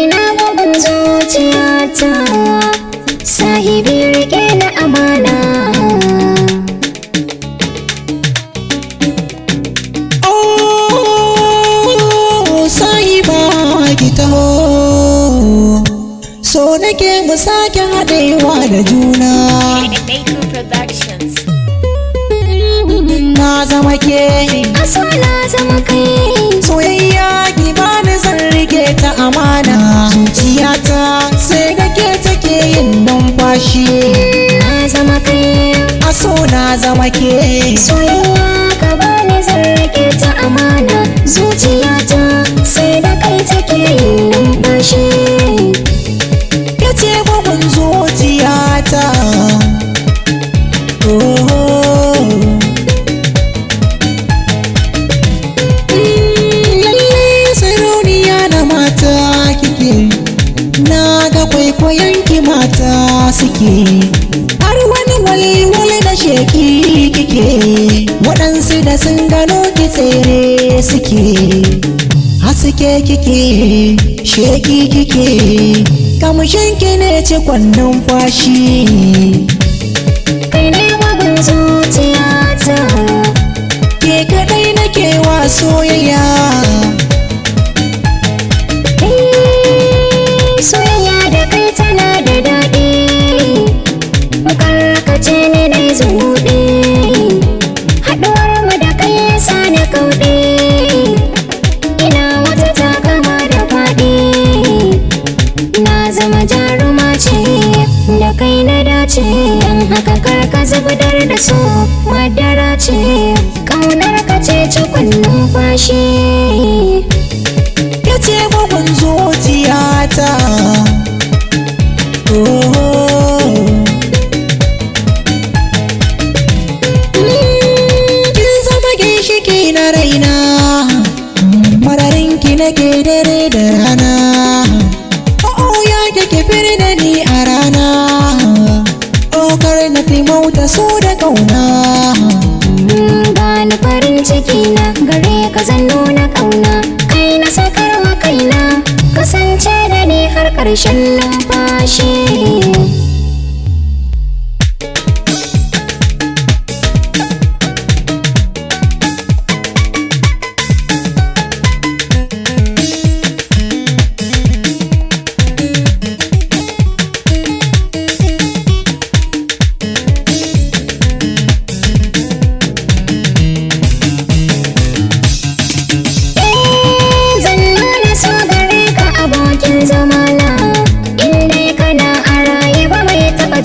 ina bugun zuciyata sahibi rike na amana oh, So nake mu sake haɗewa da juna Na zama ke Aso na zama kai Soyayya zama ke soyayya ka bani zarrake ta amana zuciyata sai da kai take yin numfashi kace bugun zuciyata mm, kwaikwayon mata suke har wani mulmul da sheki kike waɗansu da sun gano ki tsere suke haske kike sheki kike kamshin ki ne cikon numfashi kai ne magun zuciya ta ke kaɗai nake wa soyayya ce ni ne zuɗe haɗuwar mu da kai yasa na kauɗe ina wata takama da faɗi na zama jaruma ce da kai na dace yan haka karka zubdar da su madara ce ƙaunar ka ce cikin numfashi ke dare da rana Oh ya da ni a rana Oh na taimauta so da kauna Gani mm, farin ciki na gare ka zan nuna kauna Kai na sakarwa kaina kasance da ni har ƙarshen numfashi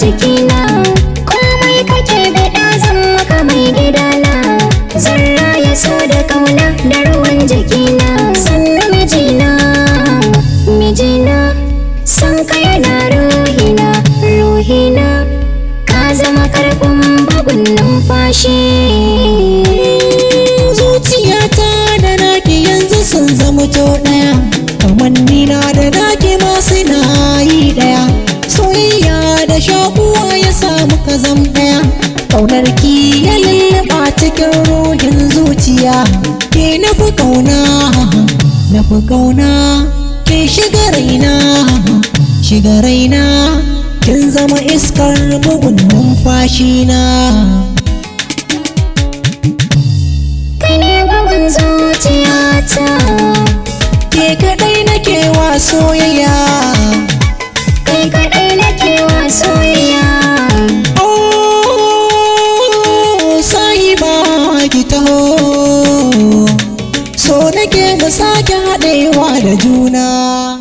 cikina komai kake bada zan maka mai gida na ya so da kauna da ruwan jikina sannu mijina mijina san ka yana ruhina ruhina ka zama karfin bugun numfashi zuciyata da naki yanzu sun zama to daya da naki sha uwa ya samu kazam ɗaya ƙaunar ki ya lulluɓa cikin ruhin zuciya ke na fi ƙauna na fi ƙauna ke shiga raina shiga raina kin zama iskar bugun numfashi na kai ne bugun zuciyata ke kaɗai nake wa soyayya ki taho so nake na sake haɗewa da juna